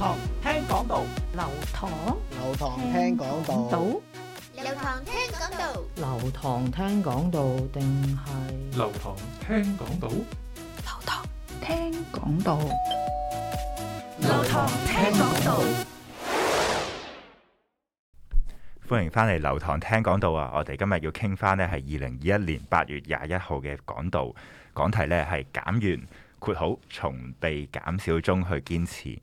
堂聽講道，流堂流堂聽講道。流堂聽講道，流堂聽講道，定係流堂聽講道，流堂聽講道。流堂聽講道，歡迎翻嚟流堂聽講道啊！我哋今日要傾翻呢係二零二一年八月廿一號嘅講道，講題呢係減怨括號從被減少中去堅持。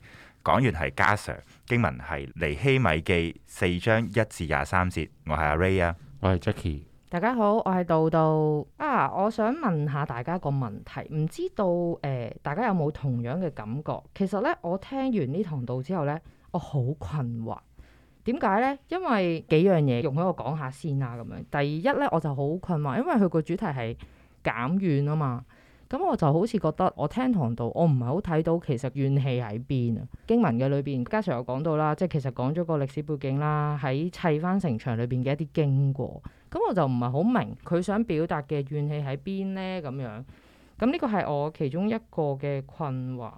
講完係加 Sir 經文係尼希米記四章一至廿三節，我係阿 Ray 啊，我係 Jackie，大家好，我係杜杜啊，我想問下大家個問題，唔知道誒、呃，大家有冇同樣嘅感覺？其實咧，我聽完呢堂道之後咧，我好困惑，點解咧？因為幾樣嘢，容許我講下先啊，咁樣。第一咧，我就好困惑，因為佢個主題係減怨啊嘛。咁我就好似覺得我聽堂度，我唔係好睇到其實怨氣喺邊啊。經文嘅裏邊，嘉祥有講到啦，即係其實講咗個歷史背景啦，喺砌翻城牆裏邊嘅一啲經過。咁我就唔係好明佢想表達嘅怨氣喺邊咧。咁樣咁呢、嗯這個係我其中一個嘅困惑，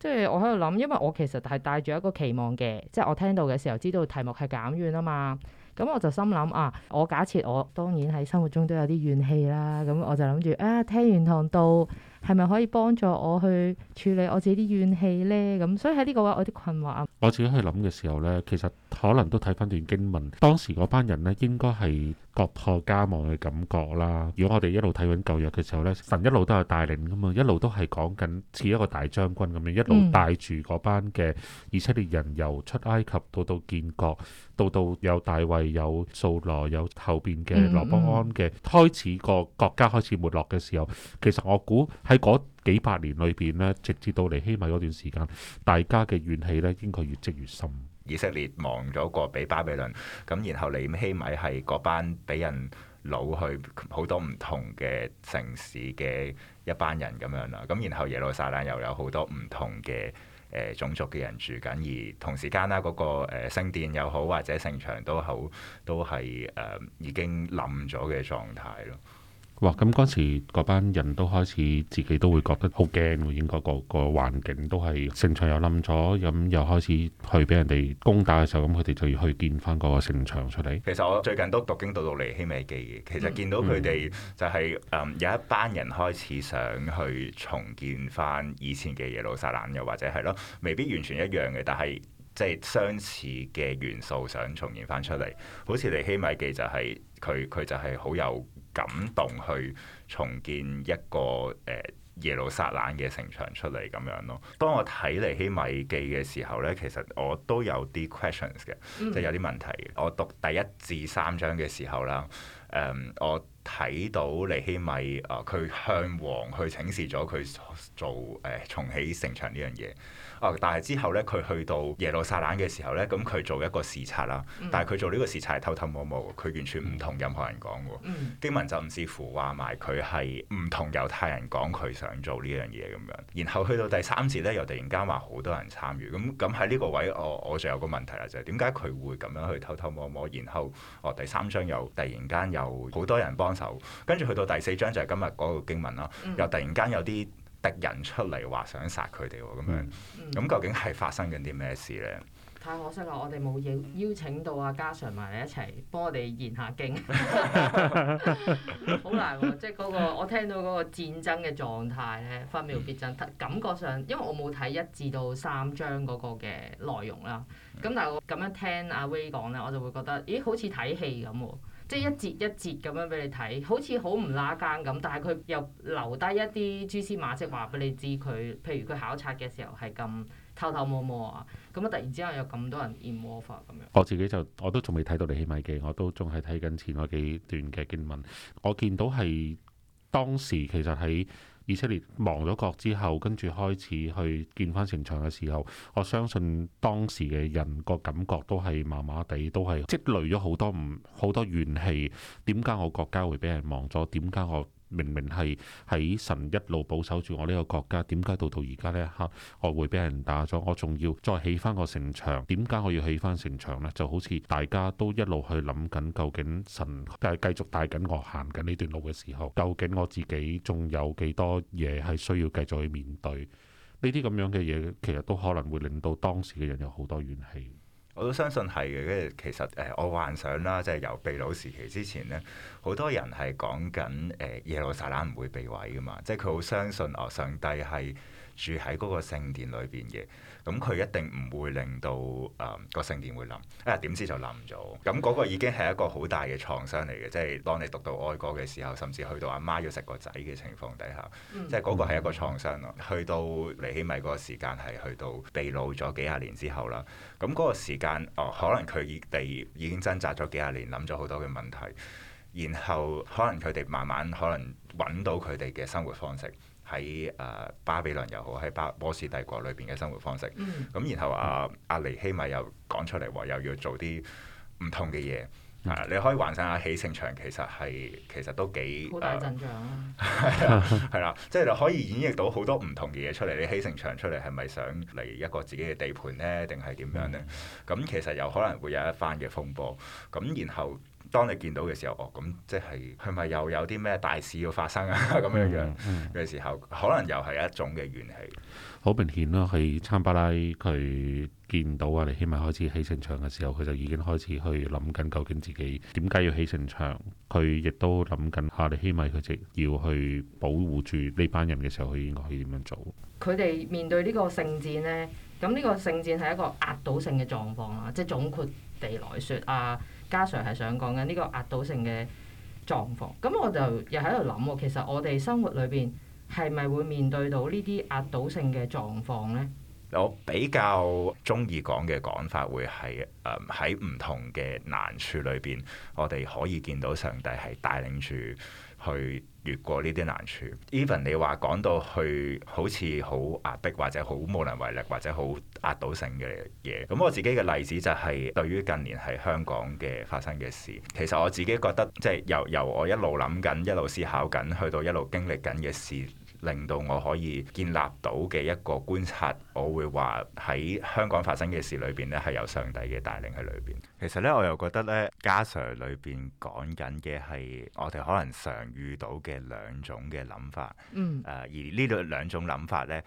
即係我喺度諗，因為我其實係帶住一個期望嘅，即係我聽到嘅時候知道題目係減怨啊嘛。咁我就心諗啊，我假設我當然喺生活中都有啲怨氣啦，咁我就諗住啊，聽完堂到係咪可以幫助我去處理我自己啲怨氣呢？咁所以喺呢個位，我啲困惑。我自己去諗嘅時候呢，其實可能都睇翻段經文，當時嗰班人呢，應該係。國破家亡嘅感覺啦，如果我哋一路睇緊舊約嘅時候呢，神一路都係帶領噶嘛，一路都係講緊似一個大將軍咁樣，一路帶住嗰班嘅以色列人由出埃及到到建國，到到有大衛有掃羅有後邊嘅羅波安嘅，嗯、開始個國家開始沒落嘅時候，其實我估喺嗰幾百年裏邊呢，直至到尼希米嗰段時間，大家嘅怨氣呢，應該越積越深。以色列亡咗國俾巴比倫，咁然後尼希米係嗰班俾人老去好多唔同嘅城市嘅一班人咁樣啦，咁然後耶路撒冷又有好多唔同嘅誒、呃、種族嘅人住緊，而同時間啦，嗰個誒聖殿又好，或者城牆都好，都係誒已經冧咗嘅狀態咯。哇！咁嗰時嗰班人都開始自己都會覺得好驚喎，應該、嗰個、嗰個環境都係城牆又冧咗，咁又開始去俾人哋攻打嘅時候，咁佢哋就要去建翻個城牆出嚟。其實我最近都讀經讀到《尼希米記》嘅，其實見到佢哋就係、是、誒、嗯嗯、有一班人開始想去重建翻以前嘅耶路撒冷，又或者係咯，未必完全一樣嘅，但係即係相似嘅元素想重建翻出嚟。好似尼希米記就係佢佢就係好有感動去重建一個誒耶路撒冷嘅城牆出嚟咁樣咯。當我睇尼希米記嘅時候咧，其實我都有啲 questions 嘅，即係有啲問題。我讀第一至三章嘅時候啦，誒，我睇到尼希米啊，佢向王去請示咗佢做誒重起城牆呢樣嘢。哦、但係之後咧，佢去到耶路撒冷嘅時候咧，咁佢做一個視察啦。嗯、但係佢做呢個視察係偷偷摸摸，佢完全唔同任何人講嘅。嗯、經文就唔似乎話埋佢係唔同猶太人講佢想做呢樣嘢咁樣。然後去到第三節咧，又突然間話好多人參與。咁咁喺呢個位、嗯哦，我我仲有個問題啦，就係點解佢會咁樣去偷偷摸摸？然後哦，第三章又突然間有好多人幫手，跟住去到第四章就係今日嗰個經文啦，又突然間有啲，敵人出嚟話想殺佢哋喎，咁 樣，咁、嗯、究竟係發生緊啲咩事咧？太可惜啦，我哋冇邀邀請到阿嘉 Sir 埋嚟一齊幫我哋研下經，好 難喎過！即係嗰個我聽到嗰個戰爭嘅狀態咧，分秒必爭，感覺上因為我冇睇一至到三章嗰個嘅內容啦，咁但係我咁樣聽阿威 a 講咧，我就會覺得，咦，好似睇戲咁喎。即係一節一節咁樣俾你睇，好似好唔拉更咁，但係佢又留低一啲蛛絲馬跡話俾你知佢，譬如佢考察嘅時候係咁偷偷摸摸啊，咁啊突然之後有咁多人揭窩法咁樣。我自己就我都仲未睇到《尼希米記》，我都仲係睇緊前嗰幾段嘅經文，我見到係當時其實喺。以色列亡咗國之後，跟住開始去見翻城牆嘅時候，我相信當時嘅人個感覺都係麻麻地，都係積累咗好多唔好多怨氣。點解我國家會俾人亡咗？點解我？明明係喺神一路保守住我呢個國家，點解到到而家呢一刻，我會俾人打咗？我仲要再起翻個城牆，點解我要起翻城牆呢？就好似大家都一路去諗緊，究竟神係繼續帶緊我行緊呢段路嘅時候，究竟我自己仲有幾多嘢係需要繼續去面對？呢啲咁樣嘅嘢，其實都可能會令到當時嘅人有好多怨氣。我都相信係嘅，跟住其實誒，我幻想啦，即係由被擄時期之前咧，好多人係講緊誒耶路撒冷唔會被毀噶嘛，即係佢好相信哦，上帝係住喺嗰個聖殿裏邊嘅。咁佢一定唔會令到誒、呃那個聖殿會冧，啊點知就冧咗，咁、那、嗰個已經係一個好大嘅創傷嚟嘅，即係當你讀到哀歌嘅時候，甚至去到阿媽，媽要食個仔嘅情況底下，嗯、即係嗰個係一個創傷咯。嗯、去到尼希米個時間係去到被擄咗幾十年之後啦，咁、那、嗰個時間哦，可能佢哋已經掙扎咗幾十年，諗咗好多嘅問題，然後可能佢哋慢慢可能揾到佢哋嘅生活方式。喺誒巴比倫又好，喺巴波斯帝國裏邊嘅生活方式，咁、嗯、然後阿、啊、阿、嗯啊、尼希米又講出嚟話，又要做啲唔同嘅嘢，係、嗯、你可以幻想下起城牆其實係其實都幾好大陣仗、啊，係啦， 即係、就是、你可以演繹到好多唔同嘅嘢出嚟。你起城牆出嚟係咪想嚟一個自己嘅地盤呢？定係點樣呢？咁、嗯、其實有可能會有一番嘅風波。咁然後。當你見到嘅時候，哦，咁即係係咪又有啲咩大事要發生啊？咁 樣樣嘅時候，嗯嗯、可能又係一種嘅怨氣。好明顯啦，喺參巴拉佢見到啊，尼希米開始起城牆嘅時候，佢就已經開始去諗緊究竟自己點解要起城牆。佢亦都諗緊啊，尼希米佢哋要去保護住呢班人嘅時候，佢應該要點樣做？佢哋面對呢個聖戰呢，咁呢個聖戰係一個壓倒性嘅狀況啦，即係總括地來說啊。S 家 s i，係想講緊呢個壓倒性嘅狀況，咁我就又喺度諗喎，其實我哋生活裏邊係咪會面對到呢啲壓倒性嘅狀況呢？我比較中意講嘅講法會係誒，喺唔同嘅難處裏邊，我哋可以見到上帝係帶領住去。越過呢啲難處，Even 你話講到去好似好壓迫或者好無能為力或者好壓倒性嘅嘢，咁我自己嘅例子就係對於近年喺香港嘅發生嘅事，其實我自己覺得即係、就是、由由我一路諗緊一路思考緊，去到一路經歷緊嘅事。令到我可以建立到嘅一個觀察，我會話喺香港發生嘅事裏邊咧，係有上帝嘅帶領喺裏邊。其實咧，我又覺得咧，家 Sir 裏邊講緊嘅係我哋可能常遇到嘅兩種嘅諗法。嗯。而兩呢度兩種諗法咧。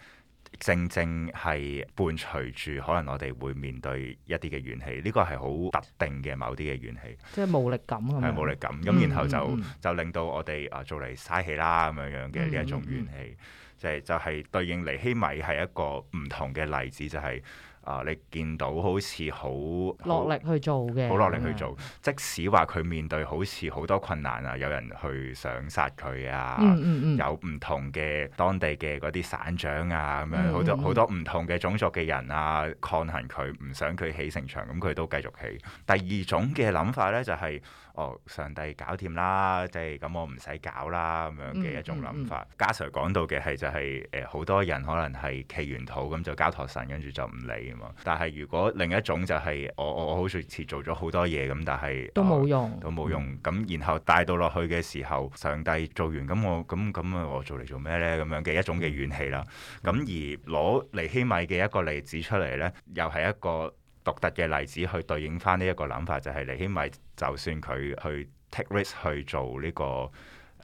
正正係伴隨住，可能我哋會面對一啲嘅怨氣，呢個係好特定嘅某啲嘅怨氣，即係無力感，係無力感，咁、嗯嗯嗯、然後就就令到我哋啊做嚟嘥氣啦咁樣樣嘅呢一種怨氣，就係、是、就係對應尼希米係一個唔同嘅例子，就係、是。啊！你見到好似好落力去做嘅，好落力去做。咁樣。即使話佢面對好似好多困難啊，有人去想殺佢啊，嗯嗯嗯有唔同嘅當地嘅嗰啲省長啊，咁樣好多、嗯嗯、好多唔同嘅種族嘅人啊，抗衡佢，唔想佢起城牆，咁佢都繼續起。第二種嘅諗法呢，就係、係。哦，上帝搞掂啦，即係咁，我唔使搞啦咁樣嘅一種諗法。嗯嗯、加 sir 講到嘅係就係、是、誒，好、呃、多人可能係祈完禱咁就交託神，跟住就唔理啊嘛。但係如果另一種就係、是、我我我好似似做咗好多嘢咁，但係都冇用，哦、都冇用。咁然後帶到落去嘅時候，上帝做完咁我咁咁啊，我做嚟做咩咧？咁樣嘅一種嘅怨氣啦。咁、嗯、而攞尼希米嘅一個例子出嚟咧，又係一個獨特嘅例子去對應翻呢一個諗法，就係尼希米，就算佢去 take risk 去做呢、這個、uh,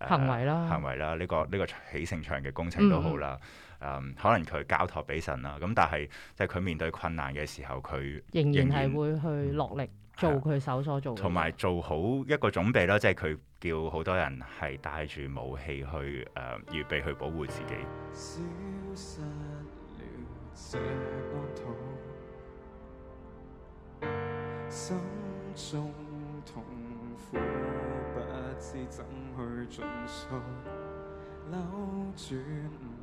行為啦，行為啦，呢、這個呢、這個起城牆嘅工程都好啦、嗯嗯。可能佢交託俾神啦，咁但係即係佢面對困難嘅時候，佢仍然係會去落力做佢手所做、嗯，同、嗯、埋、啊、做好一個準備啦。即係佢叫好多人係帶住武器去誒，預、uh, 備去保護自己。心中痛苦，不知怎去盡訴。扭轉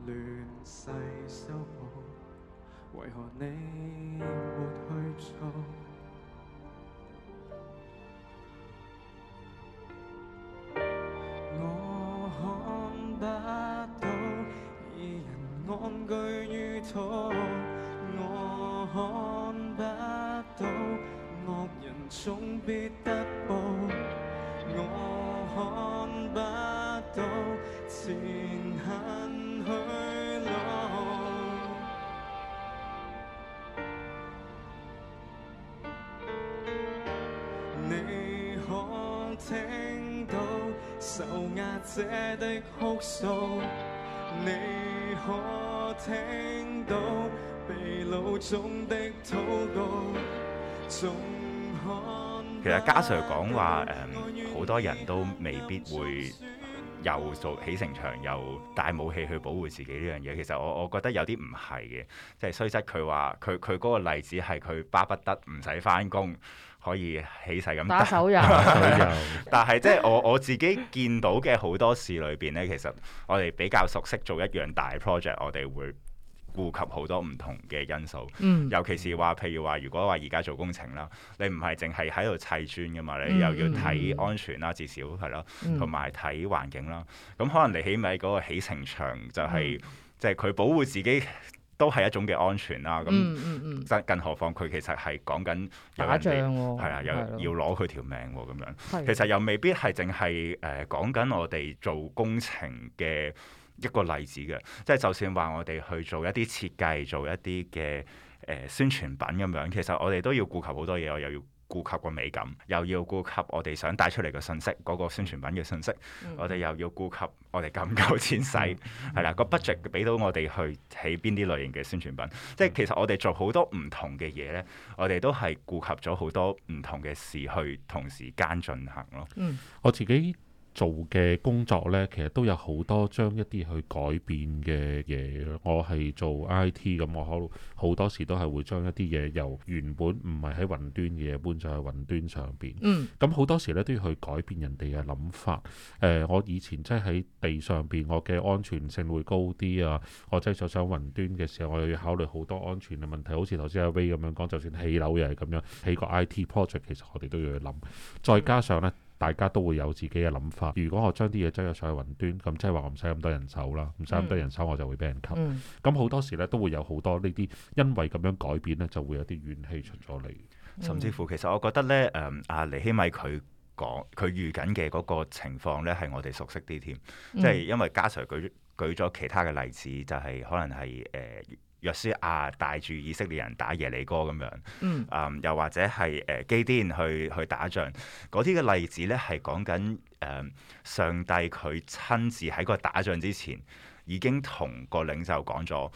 亂世修補，為何你沒去做？ 我看不到，二人安居於途。總必得報，我看不到前行去路。 你可聽到受壓者的哭訴，你可聽到被擄中的禱告。其實嘉 sir 講話誒，好、呃、多人都未必會又做起城牆，又帶武器去保護自己呢樣嘢。其實我我覺得有啲唔係嘅，即係雖則佢話佢佢嗰個例子係佢巴不得唔使翻工可以起勢咁打,打手遊，但係即係我我自己見到嘅好多事裏邊呢，其實我哋比較熟悉做一樣大 project，我哋會。顧及好多唔同嘅因素，嗯、尤其是話，譬如話，如果話而家做工程啦，你唔係淨係喺度砌磚噶嘛，你又要睇安全啦，嗯、至少係囉，同埋睇環境啦。咁、嗯、可能你起碼嗰個起程場就係、係，即係佢保護自己都係一種嘅安全啦。咁更何況佢其實係講緊打仗啊，係啊，要要攞佢條命咁、啊、樣。的其實又未必係淨係誒講緊我哋做工程嘅。一個例子嘅，即係就算話我哋去做一啲設計，做一啲嘅誒宣傳品咁樣，其實我哋都要顧及好多嘢，我又要顧及個美感，又要顧及我哋想帶出嚟嘅信息，嗰、那個宣傳品嘅信息，嗯、我哋又要顧及我哋夠唔夠錢使，係啦、嗯，個 budget 俾到我哋去起邊啲類型嘅宣傳品，嗯、即係其實我哋做好多唔同嘅嘢咧，我哋都係顧及咗好多唔同嘅事去同時間進行咯。嗯，我自己做嘅工作呢，其實都有好多將一啲去改變嘅嘢。我係做 I T 咁，我好好多時都係會將一啲嘢由原本唔係喺雲端嘅搬上去雲端上邊。嗯，咁好多時呢，都要去改變人哋嘅諗法。誒、呃，我以前即係喺地上邊，我嘅安全性會高啲啊。我即係坐上雲端嘅時候，我又要考慮好多安全嘅問題。好似頭先阿 V 咁樣講，就算起樓又係咁樣，起個 I T project 其實我哋都要去諗。再加上呢。大家都會有自己嘅諗法。如果我將啲嘢擠咗上去雲端，咁即係話我唔使咁多人手啦，唔使咁多人手我就會畀人吸。咁好、嗯、多時咧都會有好多呢啲，因為咁樣改變咧就會有啲怨氣出咗嚟。嗯、甚至乎，其實我覺得咧，誒阿尼希米佢講佢預緊嘅嗰個情況咧，係我哋熟悉啲添。即係、嗯、因為家 sir 舉舉咗其他嘅例子，就係、是、可能係誒。呃約書亞帶住以色列人打耶利哥咁樣，嗯，啊，又或者係誒、呃、基甸去去打仗，嗰啲嘅例子咧，係講緊誒上帝佢親自喺個打仗之前，已經同個領袖講咗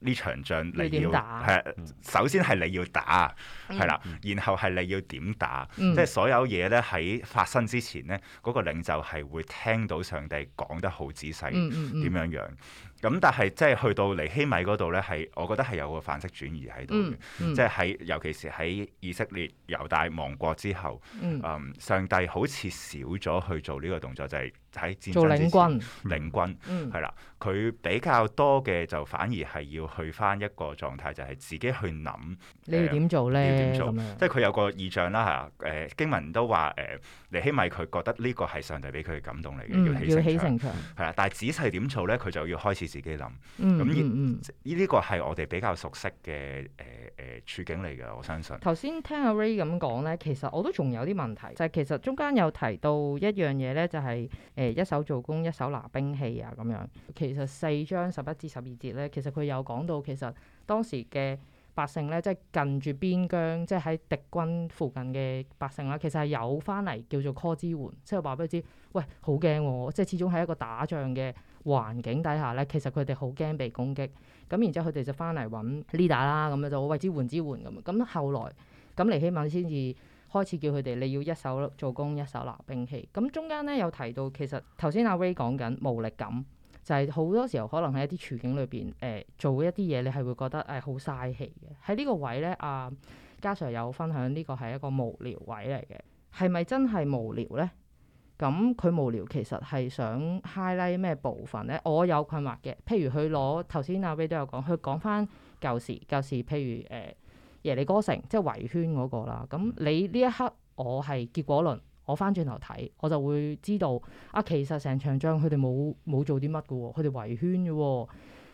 呢場仗你要打係，首先係你要打，係、嗯、啦，嗯、然後係你要點打，嗯、即係所有嘢咧喺發生之前咧，嗰、那個領袖係會聽到上帝講得好仔細，嗯嗯，點樣樣。咁、嗯嗯、但係即係去到尼希米嗰度咧，係我覺得係有個範式轉移喺度嘅，嗯嗯、即係喺尤其是喺以色列猶大亡國之後，嗯，嗯，上帝好似少咗去做呢個動作就係、是。喺戰爭之前，做領軍，領軍係啦，佢比較多嘅就反而係要去翻一個狀態，就係自己去諗你要點做咧，點做，即係佢有個異象啦嚇。誒經文都話誒，尼希米佢覺得呢個係上帝俾佢嘅感動嚟嘅，要起城牆係啦。但係仔細點做咧，佢就要開始自己諗。咁嗯呢個係我哋比較熟悉嘅誒誒處境嚟嘅，我相信。頭先聽阿 Ray 咁講咧，其實我都仲有啲問題，就係其實中間有提到一樣嘢咧，就係。誒一手做工，一手拿兵器啊咁樣，其實四章十一至十二節咧，其實佢有講到其實當時嘅百姓咧，即係近住邊疆，即係喺敵軍附近嘅百姓啦。其實係有翻嚟叫做 call 支援，即係話俾你知，喂，好驚喎！即係始終喺一個打仗嘅環境底下咧，其實佢哋好驚被攻擊。咁然之後佢哋就翻嚟揾 leader 啦，咁樣就好為之援之援咁。咁後來咁尼希米先至。開始叫佢哋，你要一手做工，一手拿兵器。咁中間咧有提到，其實頭先阿 Ray 講緊無力感，就係好多時候可能喺一啲處境裏邊誒做一啲嘢，你係會覺得誒好嘥氣嘅。喺呢個位咧，阿嘉 Sir 有分享呢個係一個無聊位嚟嘅，係咪真係無聊咧？咁佢無聊其實係想 highlight 咩部分咧？我有困惑嘅，譬如佢攞頭先阿 Ray 都有講，佢講翻舊時，舊時譬如誒。呃耶利哥城，即係圍圈嗰個啦。咁你呢一刻我，我係結果論，我翻轉頭睇，我就會知道啊。其實成場仗佢哋冇冇做啲乜噶喎，佢哋圍圈啫喎。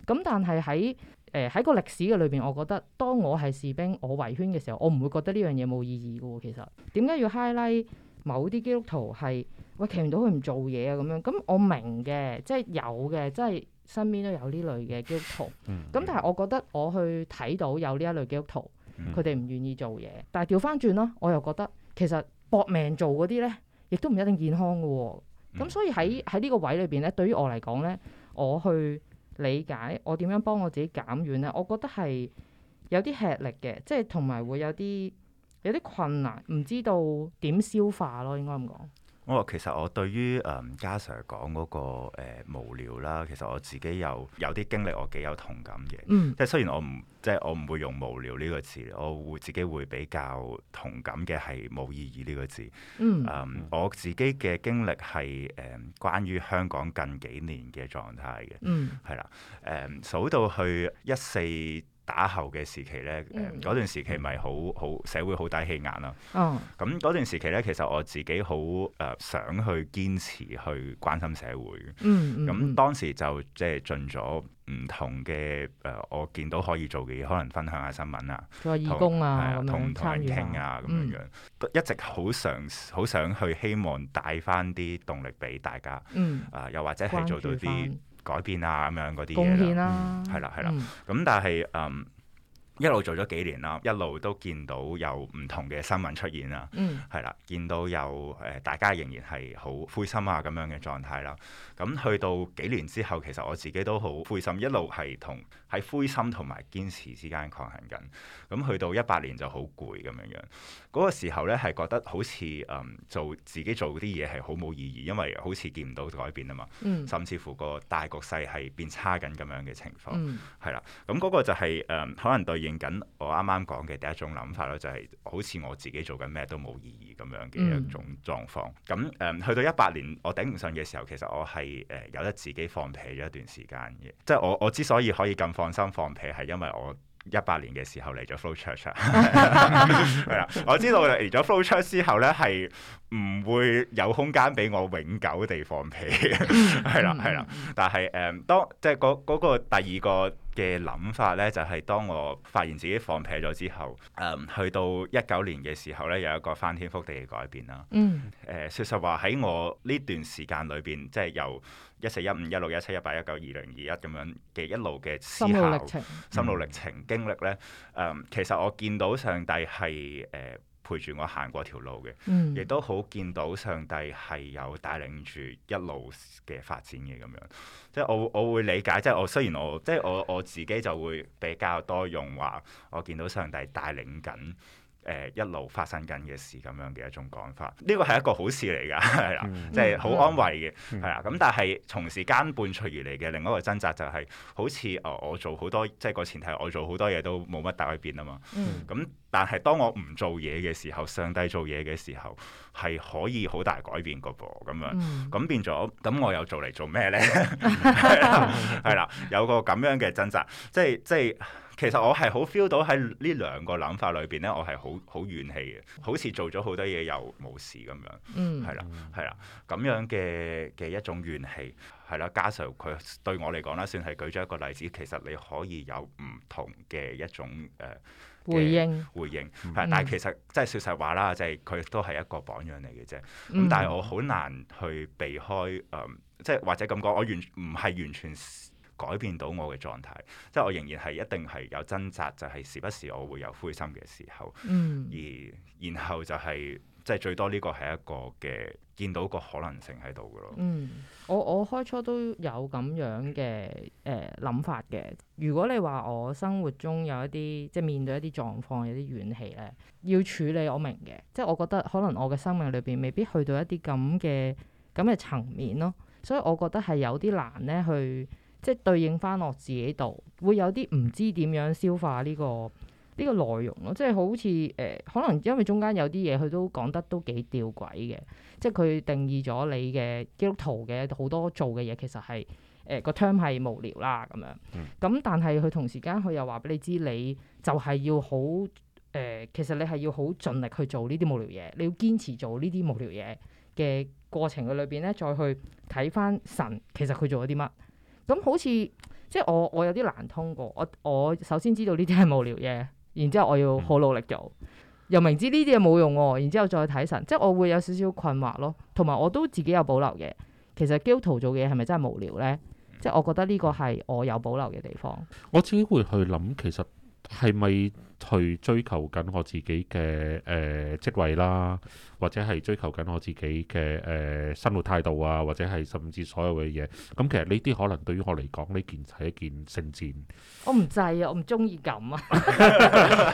咁但係喺誒喺個歷史嘅裏邊，我覺得當我係士兵，我圍圈嘅時候，我唔會覺得呢樣嘢冇意義噶喎。其實點解要 highlight 某啲基督徒係喂企唔到佢唔做嘢啊咁樣？咁我明嘅，即係有嘅，即係身邊都有呢類嘅基督徒。咁、嗯、但係我覺得我去睇到有呢一類基督徒。佢哋唔願意做嘢，但係調翻轉咯，我又覺得其實搏命做嗰啲咧，亦都唔一定健康嘅喎。咁、嗯、所以喺喺呢個位裏邊咧，對於我嚟講咧，我去理解我點樣幫我自己減怨咧，我覺得係有啲吃力嘅，即係同埋會有啲有啲困難，唔知道點消化咯，應該咁講。我、哦、其實我對於誒嘉、嗯、sir 講嗰、那個誒、呃、無聊啦，其實我自己有有啲經歷，我幾有同感嘅。嗯、即係雖然我唔即係我唔會用無聊呢個詞，我會自己會比較同感嘅係冇意義呢個字。嗯、嗯，我自己嘅經歷係誒、呃、關於香港近幾年嘅狀態嘅。嗯，係啦，誒、呃、數到去一四。打後嘅時期咧，誒嗰段時期咪好好社會好大氣壓啦。咁嗰段時期咧，其實我自己好誒想去堅持去關心社會。咁當時就即係進咗唔同嘅誒，我見到可以做嘅嘢，可能分享下新聞啊，做義工啊，同同人傾啊咁樣樣，一直好想好想去希望帶翻啲動力俾大家。啊，又或者係做到啲改變啊咁樣嗰啲嘢啦，係啦係啦。咁、嗯嗯、但係誒、嗯、一路做咗幾年啦，一路都見到有唔同嘅新聞出現啦，係啦、嗯，見到有誒大家仍然係好灰心啊咁樣嘅狀態啦。咁去到幾年之後，其實我自己都好灰心，一路係同喺灰心同埋堅持之間抗衡緊，咁去到一八年就好攰咁樣樣。嗰、那個時候咧，係覺得好似誒、嗯、做自己做啲嘢係好冇意義，因為好似見唔到改變啊嘛。嗯、甚至乎個大局勢係變差緊咁樣嘅情況，係啦、嗯。咁、那、嗰個就係、是、誒、嗯、可能對應緊我啱啱講嘅第一種諗法咯，就係、是、好似我自己做緊咩都冇意義。咁樣嘅一種狀況，咁誒去到一八年我頂唔順嘅時候，其實我係誒有得自己放屁咗一段時間嘅，即係我我之所以可以咁放心放屁，係因為我一八年嘅時候嚟咗 Flow Church 係啦， 了 我知道嚟咗 Flow Church 之後咧係。唔會有空間俾我永久地放屁，係 啦的，係啦、嗯。但係誒、嗯，當即係嗰、嗰個嗰個第二個嘅諗法呢，就係、是、當我發現自己放屁咗之後，誒、嗯、去到一九年嘅時候呢，有一個翻天覆地嘅改變啦。嗯。誒、呃，説實話喺我呢段時間裏邊，即係由一四一五、一六一七、一八一九、二零二一咁樣嘅一路嘅思考、心路歷程、心路歷程經歷呢、嗯，其實我見到上帝係誒。呃陪住我行過條路嘅，亦、嗯、都好見到上帝係有帶領住一路嘅發展嘅咁樣，即係我我會理解，即係我雖然我即係我我自己就會比較多用話，我見到上帝帶領緊。誒一路發生緊嘅事咁樣嘅一種講法，呢個係一個好事嚟㗎，係啦、嗯，嗯、即係好安慰嘅，係啦、嗯。咁但係從時間伴隨而嚟嘅，另一個掙扎就係、是、好似誒、呃、我做好多，即係個前提我做好多嘢都冇乜大改變啊嘛。咁、嗯、但係當我唔做嘢嘅時候，上帝做嘢嘅時候係可以好大改變個噃，咁啊，咁、嗯、變咗，咁我又做嚟做咩咧？係啦，有個咁樣嘅掙扎，即係即係。即其實我係好 feel 到喺呢兩個諗法裏邊咧，我係好好怨氣嘅，好似做咗好多嘢又冇事咁樣，係啦係啦，咁樣嘅嘅一種怨氣，係啦。加上佢對我嚟講咧，算係舉咗一個例子。其實你可以有唔同嘅一種誒、呃、回應，回應係。但係其實即係說實話啦，就係佢都係一個榜樣嚟嘅啫。咁但係我好難去避開，誒、呃，即係或者咁講，我完唔係完全。改變到我嘅狀態，即係我仍然係一定係有掙扎，就係時不時我會有灰心嘅時候。嗯。而然後就係即係最多呢個係一個嘅見到個可能性喺度嘅咯。嗯，我我開初都有咁樣嘅誒諗法嘅。如果你話我生活中有一啲即係面對一啲狀況有啲怨氣咧，要處理我明嘅，即係我覺得可能我嘅生命裏邊未必去到一啲咁嘅咁嘅層面咯，所以我覺得係有啲難咧去。即係對應翻落自己度，會有啲唔知點樣消化呢，這個呢，這個內容咯。即係好似誒、呃，可能因為中間有啲嘢，佢都講得都幾吊詭嘅。即係佢定義咗你嘅基督徒嘅好多做嘅嘢，其實係誒、呃那個 term 係無聊啦咁樣。咁但係佢同時間佢又話俾你知，你就係要好誒、呃，其實你係要好盡力去做呢啲無聊嘢，你要堅持做呢啲無聊嘢嘅過程嘅裏邊咧，再去睇翻神，其實佢做咗啲乜。咁好似即係我我有啲難通過，我我首先知道呢啲係無聊嘢，然之後我要好努力做。嗯、又明知呢啲嘢冇用，然之後再睇神，即係我會有少少困惑咯，同埋我都自己有保留嘅。其實基督徒做嘢係咪真係無聊咧？即係我覺得呢個係我有保留嘅地方。我自己會去諗，其實係咪？去追求緊我自己嘅誒、呃、職位啦，或者係追求緊我自己嘅誒、呃、生活態度啊，或者係甚至所有嘅嘢。咁、嗯、其實呢啲可能對於我嚟講，呢件係一件聖戰。我唔制啊， 我唔中意咁啊！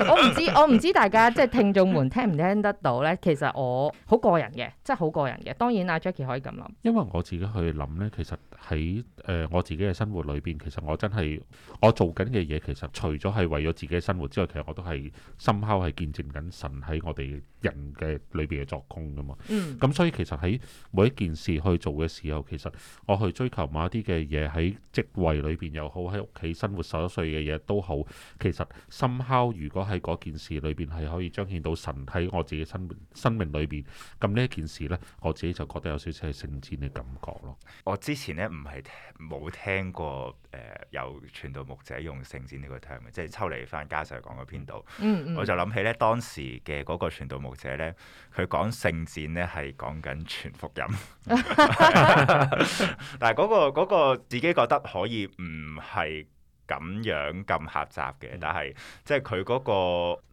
我唔知，我唔知大家即係聽眾們聽唔聽得到呢？其實我好個人嘅，即係好個人嘅。當然阿、啊、Jackie 可以咁諗。因為我自己去諗呢，其實喺誒、呃、我自己嘅生活裏邊，其實我真係我做緊嘅嘢，其實除咗係為咗自己嘅生活之外，其實。我都係深刻，係見證緊神喺我哋人嘅裏邊嘅作工噶嘛，咁、嗯、所以其實喺每一件事去做嘅時候，其實我去追求某一啲嘅嘢，喺職位裏邊又好，喺屋企生活瑣碎嘅嘢都好，其實 somehow 如果喺嗰件事裏邊係可以彰顯到神喺我自己生命生命裏邊，咁呢一件事咧，我自己就覺得有少少係聖戰嘅感覺咯。我之前咧唔係冇聽過誒、呃、有傳道牧者用聖戰呢個 term 嘅，即係抽離翻嘉上講嘅篇度，嗯、我就諗起咧當時嘅嗰個傳道或者咧，佢講聖戰咧，係講緊全福音， 但係嗰、嗰個嗰、嗰個自己覺得可以唔係咁樣咁狹窄嘅，但係即係佢嗰個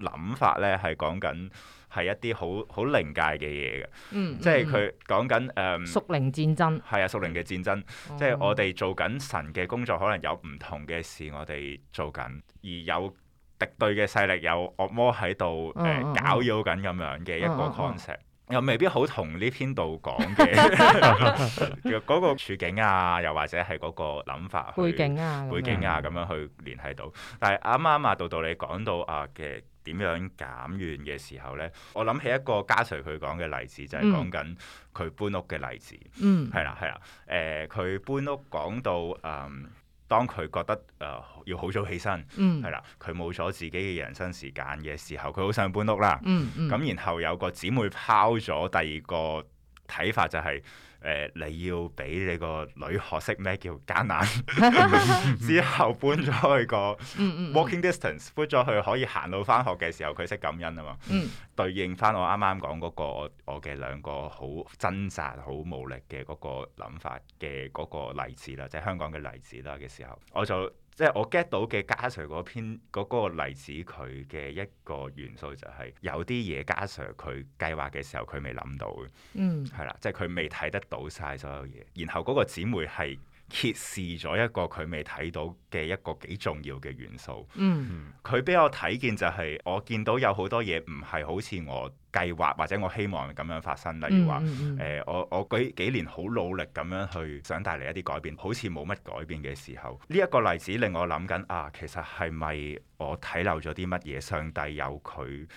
諗法咧，係講緊係一啲好好靈界嘅嘢嘅，嗯，即係佢講緊誒屬靈戰爭，係啊，屬靈嘅戰爭，即係、嗯、我哋做緊神嘅工作，可能有唔同嘅事我，我哋做緊而有。敵對嘅勢力有惡魔喺度誒搞擾緊咁樣嘅一個 concept，、哦哦哦哦、又未必好同呢篇度講嘅，若嗰個處境啊，又或者係嗰個諗法去背景啊，背景啊咁樣去聯繫到。但係啱啱啊，道道你講到啊嘅點樣減怨嘅時候咧，我諗起一個家 Sir 佢講嘅例子，就係講緊佢搬屋嘅例子。嗯，係啦係啦，誒佢、呃、搬屋講到啊。嗯。當佢覺得誒、呃、要好早起身，係啦、嗯，佢冇咗自己嘅人生時間嘅時候，佢好想搬屋啦。咁、嗯嗯、然後有個姊妹拋咗，第二個睇法就係、是。誒、呃，你要俾你個女學識咩叫艱難， 之後搬咗去個 walking distance，搬咗去可以行到返學嘅時候，佢識感恩啊嘛。嗯、對應返我啱啱講嗰個我嘅兩個好掙扎、好無力嘅嗰個諗法嘅嗰個例子啦，即係香港嘅例子啦嘅時候，我就。即係我 get 到嘅加 Sir 嗰篇嗰、嗰個例子，佢嘅一個元素就係、係、有啲嘢加 Sir 佢計劃嘅時候佢未諗到，嗯，係啦，即係佢未睇得到晒所有嘢，然後嗰個姊妹係。揭示咗一個佢未睇到嘅一個幾重要嘅元素。嗯，佢畀我睇見就係我見到有好多嘢唔係好似我計劃或者我希望咁樣發生。例如話，誒、嗯嗯嗯呃，我我幾年好努力咁樣去想帶嚟一啲改變，好似冇乜改變嘅時候，呢、這、一個例子令我諗緊啊，其實係咪我睇漏咗啲乜嘢？上帝有佢。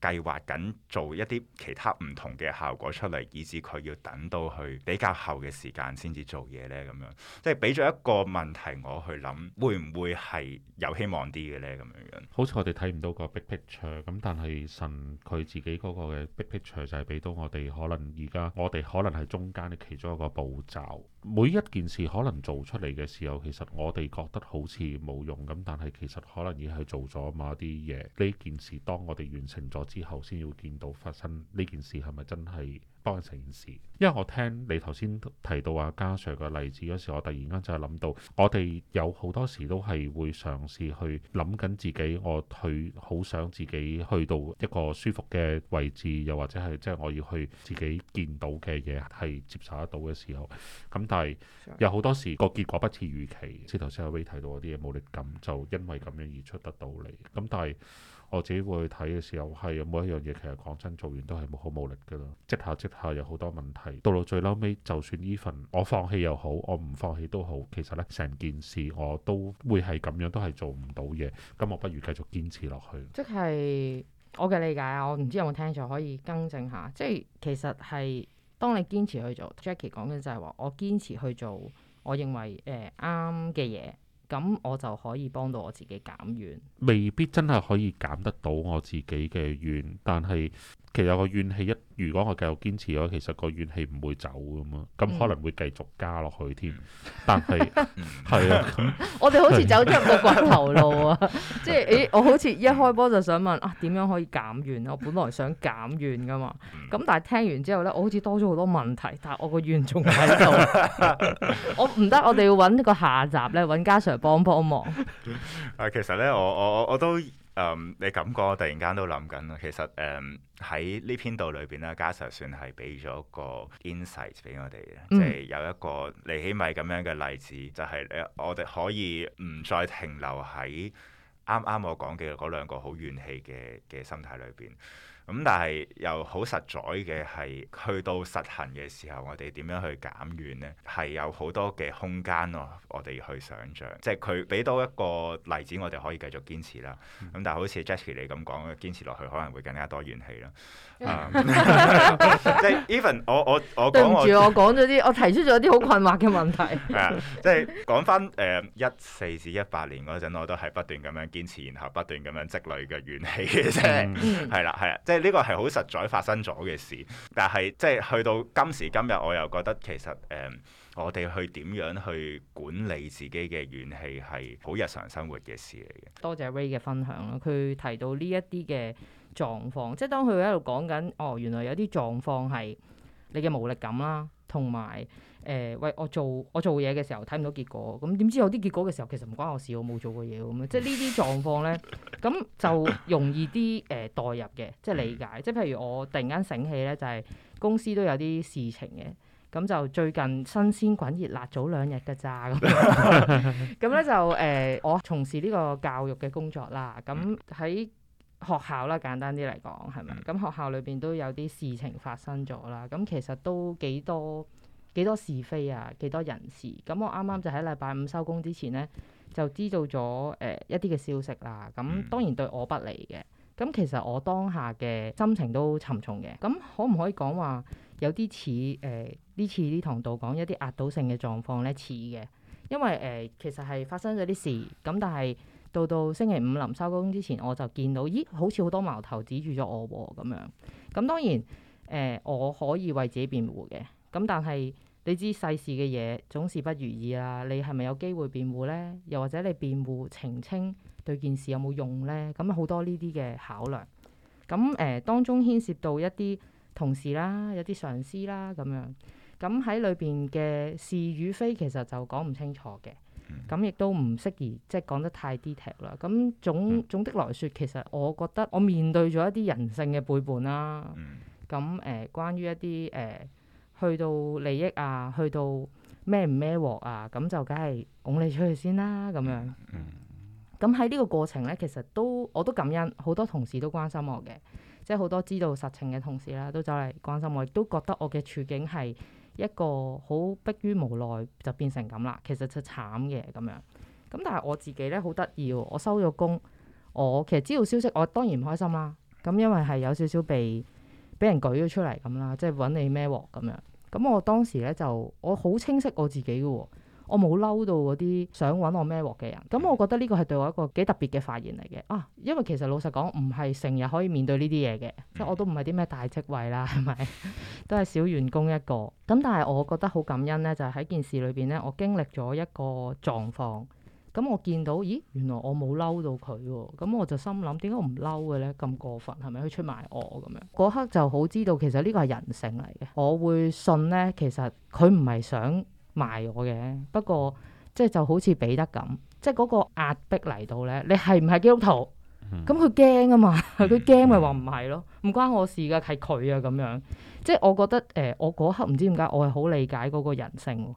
計劃緊做一啲其他唔同嘅效果出嚟，以致佢要等到去比較後嘅時間先至做嘢呢，咁樣，即係俾咗一個問題，我去諗會唔會係有希望啲嘅呢？咁樣樣，好似我哋睇唔到個 big picture，咁但係神佢自己嗰個嘅 big picture 就係俾到我哋，可能而家我哋可能係中間嘅其中一個步驟。每一件事可能做出嚟嘅時候，其實我哋覺得好似冇用咁，但係其實可能亦係做咗某一啲嘢。呢件事當我哋完成咗之後，先要見到發生呢件事，係咪真係？幫成件事，因為我聽你頭先提到阿嘉 Sir 嘅例子嗰時，我突然間就係諗到，我哋有好多時都係會嘗試去諗緊自己，我去好想自己去到一個舒服嘅位置，又或者係即係我要去自己見到嘅嘢係接受得到嘅時候，咁但係有好多時個結果不似預期，即係頭先阿威睇到嗰啲嘢冇力感，就因為咁樣而出得到嚟，咁但係。我自己會去睇嘅時候，係每一樣嘢其實講真做完都係冇好冇力嘅咯，即下即下有好多問題，到到最嬲尾，就算呢份我放棄又好，我唔放棄都好，其實咧成件事我都會係咁樣都係做唔到嘢，咁我不如繼續堅持落去。即係我嘅理解啊，我唔知有冇聽錯？可以更正下。即係其實係當你堅持去做，Jackie 講緊就係話，我堅持去做我認為誒啱嘅嘢。呃咁我就可以幫到我自己減怨，未必真係可以減得到我自己嘅怨，但係，其實個怨氣一，如果我繼續堅持嘅話，其實個怨氣唔會走㗎嘛。咁可能會繼續加落去添。但係係啊， 我哋好似走咗入個掘頭路啊！即係， 誒，我好似一開波就想問啊，點樣可以減怨？我本來想減怨噶嘛，咁、嗯、但係聽完之後咧，我好似多咗好多問題，但係我個怨仲喺度。我唔得，我哋要搵個下集咧，搵嘉 Sir 幫幫忙。啊，其實咧，我我我，我都。嗯，um, 你感覺，突然間都諗緊啦。其實，誒喺呢篇度裏邊咧，嘉莎算係俾咗個 insight 俾我哋嘅，嗯、即係有一個你起米咁樣嘅例子，就係、是、誒我哋可以唔再停留喺啱啱我講嘅嗰兩個好怨氣嘅嘅心態裏邊。咁但係又好實在嘅係去到實行嘅時候，我哋點樣去減怨咧？係有好多嘅空間，咯，我哋去想象，即係佢俾到一個例子，我哋可以繼續堅持啦。咁但係好似 Jessie 你咁講嘅堅持落去可能會更加多怨氣咯。即係 Even 我我我對唔住我講咗啲，我提出咗啲好困惑嘅問題，係啊，即係講翻誒一四至一八年嗰陣，mar, 我都係不斷咁樣堅持，然後不斷咁樣積累嘅怨氣嘅啫。係啦，係、mm. 啊，即係。呢個係好實在發生咗嘅事，但係即係去到今時今日，我又覺得其實誒、呃，我哋去點樣去管理自己嘅怨氣係好日常生活嘅事嚟嘅。多謝 Ray 嘅分享啦，佢提到呢一啲嘅狀況，即係當佢喺度講緊，哦，原來有啲狀況係你嘅無力感啦，同埋。誒、呃，喂！我做我做嘢嘅時候睇唔到結果，咁點知有啲結果嘅時候其實唔關我事，我冇做過嘢咁。即係呢啲狀況咧，咁 就容易啲誒、呃、代入嘅，即係理解。即係譬如我突然間醒起咧，就係、是、公司都有啲事情嘅，咁就最近新鮮滾熱辣早兩日嘅咋咁。咁 咧 就誒、呃，我從事呢個教育嘅工作啦，咁喺學校啦，簡單啲嚟講係咪？咁學校裏邊都有啲事情發生咗啦，咁其實都幾多。幾多是非啊？幾多人事咁？我啱啱就喺禮拜五收工之前咧，就知道咗誒、呃、一啲嘅消息啦。咁當然對我不利嘅。咁其實我當下嘅心情都沉重嘅。咁可唔可以講話有啲似誒呢次呢堂道講一啲壓倒性嘅狀況咧？似嘅，因為誒、呃、其實係發生咗啲事咁，但係到到星期五臨收工之前，我就見到咦，好似好多矛頭指住咗我喎、啊、咁樣。咁當然誒、呃，我可以為自己辯護嘅。咁但係你知世事嘅嘢總是不如意啦。你係咪有機會辯護咧？又或者你辯護澄清對件事有冇用咧？咁好多呢啲嘅考量。咁誒、呃、當中牽涉到一啲同事啦，有啲上司啦咁樣。咁喺裏邊嘅是與非其實就講唔清楚嘅。咁亦、mm hmm. 都唔適宜即係、就是、講得太 detail 啦。咁總、mm hmm. 總的來說，其實我覺得我面對咗一啲人性嘅背叛啦。咁誒、mm hmm. 嗯呃、關於一啲誒。呃去到利益啊，去到孭唔孭鑊啊，咁就梗係拱你出去先啦，咁樣。咁喺呢個過程咧，其實都我都感恩好多同事都關心我嘅，即係好多知道實情嘅同事啦，都走嚟關心我，亦都覺得我嘅處境係一個好迫於無奈就變成咁啦。其實就慘嘅咁樣。咁但係我自己咧好得意喎，我收咗工，我其實知道消息，我當然唔開心啦。咁因為係有少少被俾人舉咗出嚟咁啦，即係揾你孭鑊咁樣。咁我當時咧就我好清晰我自己嘅、哦，我冇嬲到嗰啲想揾我孭鑊嘅人。咁我覺得呢個係對我一個幾特別嘅發現嚟嘅啊！因為其實老實講，唔係成日可以面對呢啲嘢嘅，即係我都唔係啲咩大職位啦，係咪？ 都係小員工一個。咁但係我覺得好感恩咧，就係、是、喺件事裏邊咧，我經歷咗一個狀況。咁我見到，咦，原來我冇嬲到佢，咁我就心諗，點解我唔嬲嘅咧？咁過分係咪？佢出賣我咁樣，嗰刻就好知道其實呢個係人性嚟嘅。我會信咧，其實佢唔係想賣我嘅，不過即係就好似彼得咁，即係嗰個壓迫嚟到咧，你係唔係基督徒？咁佢驚啊嘛，佢驚咪話唔係咯，唔關我事㗎，係佢啊咁樣。即係我覺得誒、呃，我嗰刻唔知點解，我係好理解嗰個人性，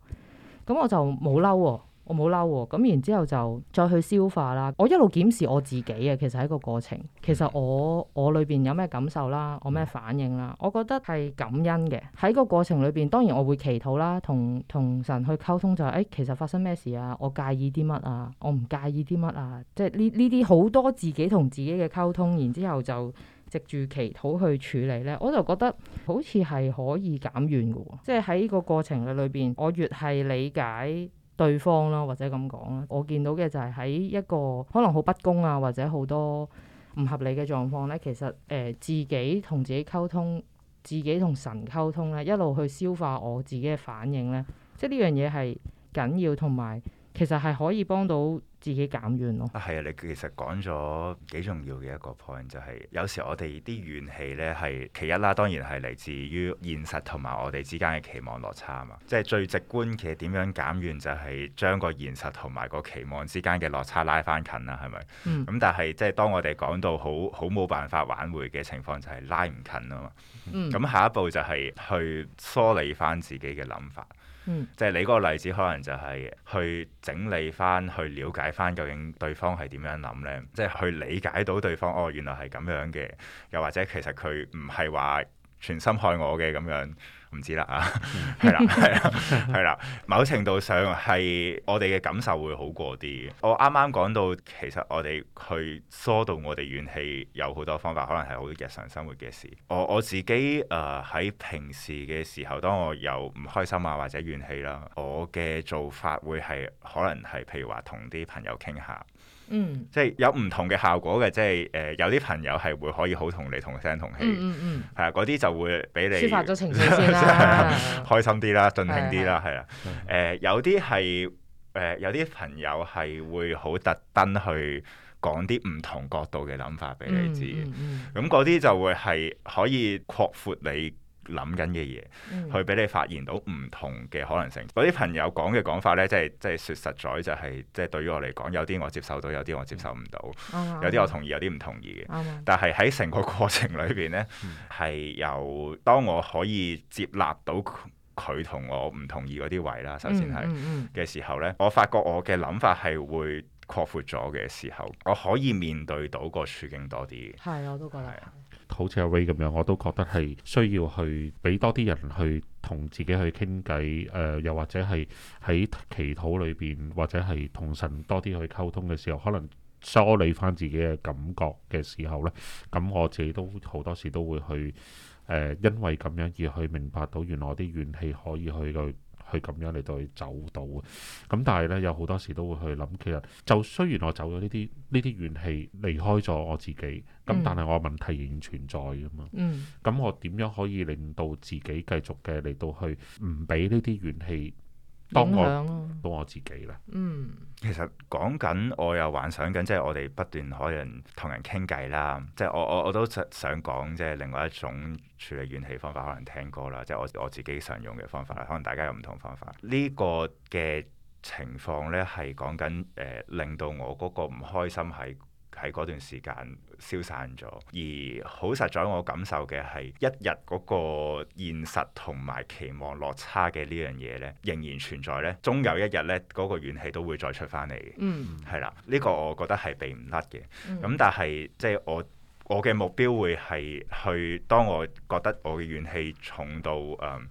咁我就冇嬲喎。我冇嬲喎，咁然之後就再去消化啦。我一路檢視我自己啊，其實喺個過程，其實我我裏邊有咩感受啦，我咩反應啦，我覺得係感恩嘅。喺個過程裏邊，當然我會祈禱啦，同同神去溝通，就係、是、誒、哎，其實發生咩事啊？我介意啲乜啊？我唔介意啲乜啊？即係呢呢啲好多自己同自己嘅溝通，然之後就藉住祈禱去處理咧。我就覺得好似係可以減怨嘅喎，即係喺個過程嘅裏邊，我越係理解。對方啦，或者咁講啦，我見到嘅就係喺一個可能好不公啊，或者好多唔合理嘅狀況咧，其實誒、呃、自己同自己溝通，自己同神溝通咧，一路去消化我自己嘅反應咧，即呢樣嘢係緊要，同埋，其實係可以幫到自己減怨咯。係啊，啊，你其實講咗幾重要嘅一個 point 就係，有時我哋啲怨氣呢，係，其一啦，當然係嚟自於現實同埋我哋之間嘅期望落差啊嘛。即係最直觀，其實點樣減怨就係將個現實同埋個期望之間嘅落差拉翻近啦，係咪？咁、嗯嗯嗯、但係即係當我哋講到好好冇辦法挽回嘅情況，就係、是、拉唔近啊嘛。咁、嗯嗯嗯、下一步就係去梳理翻自己嘅諗法。即係、嗯、你嗰個例子，可能就係去整理翻、去了解翻究竟對方係點樣諗呢？即、就、係、是、去理解到對方。哦，原來係咁樣嘅，又或者其實佢唔係話全心害我嘅咁樣。唔知啦啊，係啦，係啦，係啦，某程度上係我哋嘅感受會好過啲。我啱啱講到，其實我哋去疏導我哋怨氣有好多方法，可能係好日常生活嘅事。我我自己誒喺、呃、平時嘅時候，當我有唔開心啊或者怨氣啦，我嘅做法會係可能係譬如話同啲朋友傾下。嗯，即係有唔同嘅效果嘅，即係誒，有啲朋友係會可以好同你同聲同氣，嗯嗯，係啊，嗰啲就會俾你抒發咗情緒先啦，開心啲啦，盡興啲啦，係啊，誒，有啲係誒，有啲朋友係會好特登去講啲唔同角度嘅諗法俾你知，咁嗰啲就會係可以擴闊你，諗緊嘅嘢，嗯、去俾你發現到唔同嘅可能性。嗰啲朋友講嘅講法呢，即係即係說實在，就係，就係即係對於我嚟講，有啲我接受到，有啲我接受唔到，嗯嗯、有啲我同意，有啲唔同意，嗯嗯、但係喺成個過程裏邊呢，係、嗯、由當我可以接納到佢同我唔同意嗰啲位啦，首先係嘅，嗯嗯、時候呢，我發覺我嘅諗法係會擴闊咗嘅時候，我可以面對到個處境多啲。係、嗯，我都覺得好似阿 Ray 咁樣，我都覺得係需要去俾多啲人去同自己去傾偈，誒、呃，又或者係喺祈禱裏邊，或者係同神多啲去溝通嘅時候，可能梳理翻自己嘅感覺嘅時候咧，咁我自己都好多時都會去誒、呃，因為咁樣而去明白到原來啲怨氣可以去去。佢咁樣嚟到去走到嘅，咁但係咧，有好多時都會去諗，其實就雖然我走咗呢啲呢啲怨氣離開咗我自己，咁但係我問題仍然存在㗎嘛。嗯，咁我點樣可以令到自己繼續嘅嚟到去唔畀呢啲怨氣？影響幫我自己啦。嗯，其實講緊我又幻想緊，即係我哋不斷可能同人傾偈啦。即係我我我都想想講，即係另外一種處理怨氣方法，可能聽歌啦。即係我我自己常用嘅方法啦。可能大家有唔同方法。呢個嘅情況呢，係講緊誒，令到我嗰個唔開心係喺嗰段時間消散咗，而好實在我感受嘅係一日嗰個現實同埋期望落差嘅呢樣嘢呢，仍然存在呢，終有一日呢，嗰、嗰個怨氣都會再出翻嚟嘅。嗯，係啦，呢、呢個我覺得係避唔甩嘅。咁、嗯嗯嗯、但係即係我我嘅目標會係去當我覺得我嘅怨氣重到誒。呃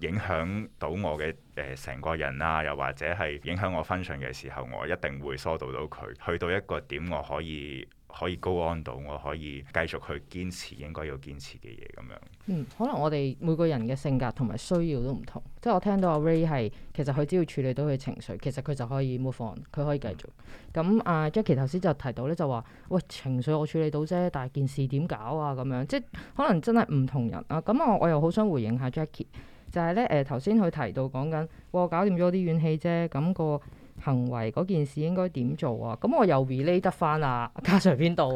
影響到我嘅誒成個人啦、啊，又或者係影響我分寸嘅時候，我一定會疏導到佢去到一個點，我可以可以高安到，我可以繼續去堅持應該要堅持嘅嘢咁樣。嗯，可能我哋每個人嘅性格同埋需要都唔同，即係我聽到阿 Ray 係其實佢只要處理到佢情緒，其實佢就可以 move on，佢可以繼續。咁阿、啊、Jackie 頭先就提到咧，就話喂情緒我處理到啫，但係件事點搞啊？咁樣即係可能真係唔同人啊。咁我我又好想回應下 Jackie。就係咧，誒頭先佢提到講緊，搞我搞掂咗啲怨氣啫，咁、那個行為嗰件事應該點做啊？咁我又 relate 得返啊，加上邊度？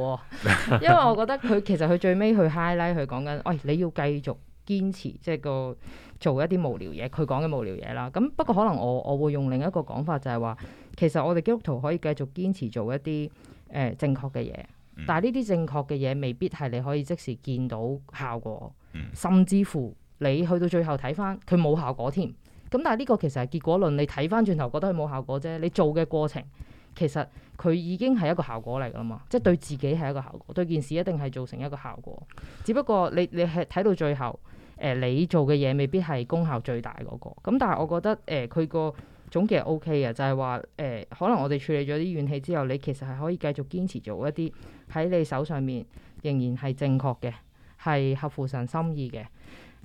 因為我覺得佢其實佢最尾去 highlight 佢講緊，喂、哎、你要繼續堅持，即、就、係、是、個做一啲無聊嘢。佢講嘅無聊嘢啦，咁不過可能我我會用另一個講法就，就係話其實我哋基督徒可以繼續堅持做一啲誒、呃、正確嘅嘢，但係呢啲正確嘅嘢未必係你可以即時見到效果，甚至乎。你去到最後睇翻，佢冇效果添。咁但係呢個其實係結果論。你睇翻轉頭覺得佢冇效果啫。你做嘅過程其實佢已經係一個效果嚟㗎啦嘛，即係對自己係一個效果，對件事一定係造成一個效果。只不過你你係睇到最後，誒、呃、你做嘅嘢未必係功效最大嗰個。咁但係我覺得誒佢個總結係 O K 嘅，就係話誒可能我哋處理咗啲怨氣之後，你其實係可以繼續堅持做一啲喺你手上面仍然係正確嘅，係合乎神心意嘅。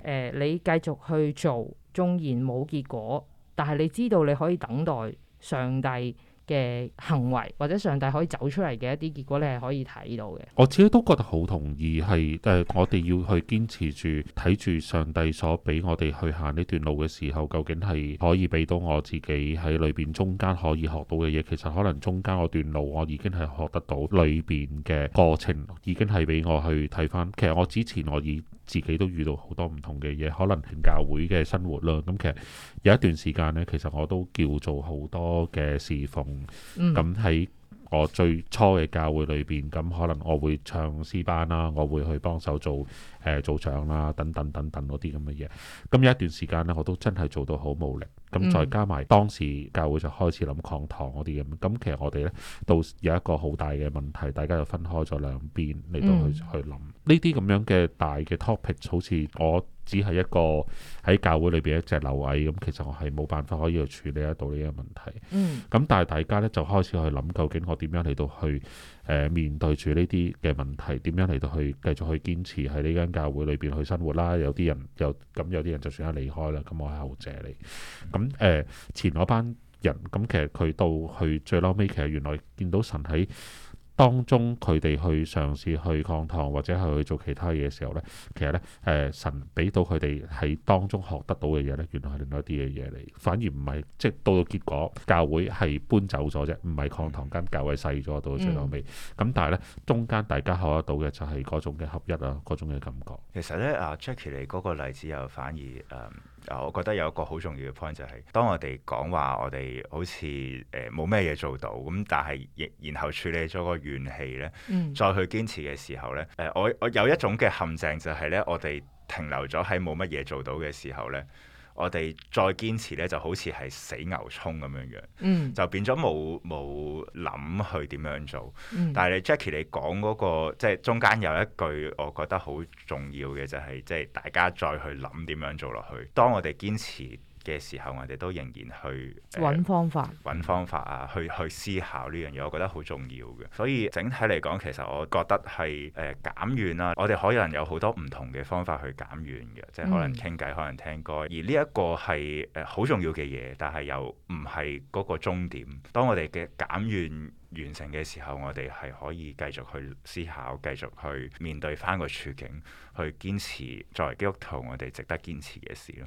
誒、呃，你繼續去做，縱然冇結果，但係你知道你可以等待上帝嘅行為，或者上帝可以走出嚟嘅一啲結果，你係可以睇到嘅。我自己都覺得好同意，係誒、呃，我哋要去堅持住睇住上帝所俾我哋去行呢段路嘅時候，究竟係可以俾到我自己喺裏邊中間可以學到嘅嘢。其實可能中間嗰段路，我已經係學得到裏邊嘅過程，已經係俾我去睇翻。其實我之前我已自己都遇到好多唔同嘅嘢，可能係教會嘅生活啦。咁其實有一段時間呢，其實我都叫做好多嘅侍奉。咁喺、嗯、我最初嘅教會裏邊，咁可能我會唱詩班啦，我會去幫手做誒、組、呃、長啦，等等等等嗰啲咁嘅嘢。咁有一段時間呢，我都真係做到好無力。咁、嗯、再加埋當時教會就開始諗抗堂嗰啲咁，咁其實我哋咧到有一個好大嘅問題，大家就分開咗兩邊嚟到去、嗯、去諗呢啲咁樣嘅大嘅 topic，好似我只係一個喺教會裏邊一隻螻蟻，咁其實我係冇辦法可以去處理得到呢個問題。嗯，咁但係大家咧就開始去諗究竟我點樣嚟到去。誒、呃、面對住呢啲嘅問題，點樣嚟到去繼續去堅持喺呢間教會裏邊去生活啦、啊？有啲人又咁，有啲人就算咗離開啦，咁我係好謝你。咁誒、呃、前嗰班人，咁其實佢到去最嬲尾，其實原來見到神喺。當中佢哋去嘗試去抗堂或者係去做其他嘢嘅時候呢，其實咧誒、呃、神俾到佢哋喺當中學得到嘅嘢呢，原來係另外一啲嘅嘢嚟，反而唔係即係到到結果教會係搬走咗啫，唔係抗堂間教會細咗到最後尾。咁但係呢，中間大家學得到嘅就係嗰種嘅合一啊，嗰種嘅感覺。其實呢啊，Jackie 你嗰個例子又反而誒。Um, 我覺得有一個好重要嘅 point 就係，當我哋講話我哋好似誒冇咩嘢做到，咁但係然後處理咗個怨氣咧，再去堅持嘅時候咧，誒、呃、我我有一種嘅陷阱就係咧，我哋停留咗喺冇乜嘢做到嘅時候咧。我哋再堅持咧，就好似係死牛衝咁樣樣，嗯、就變咗冇冇諗去點樣做。嗯、但係 Jackie 你講嗰個，即係中間有一句，我覺得好重要嘅就係，即係大家再去諗點樣做落去。當我哋堅持。嘅時候，我哋都仍然去揾、呃、方法、揾方法啊，去去思考呢樣嘢，我覺得好重要嘅。所以整體嚟講，其實我覺得係誒、呃、減怨啦。我哋可能有好多唔同嘅方法去減怨嘅，即係可能傾偈、可能聽歌。而呢一個係誒好重要嘅嘢，但係又唔係嗰個終點。當我哋嘅減怨完成嘅時候，我哋係可以繼續去思考、繼續去面對翻個處境、去堅持作為基督徒，我哋值得堅持嘅事咯。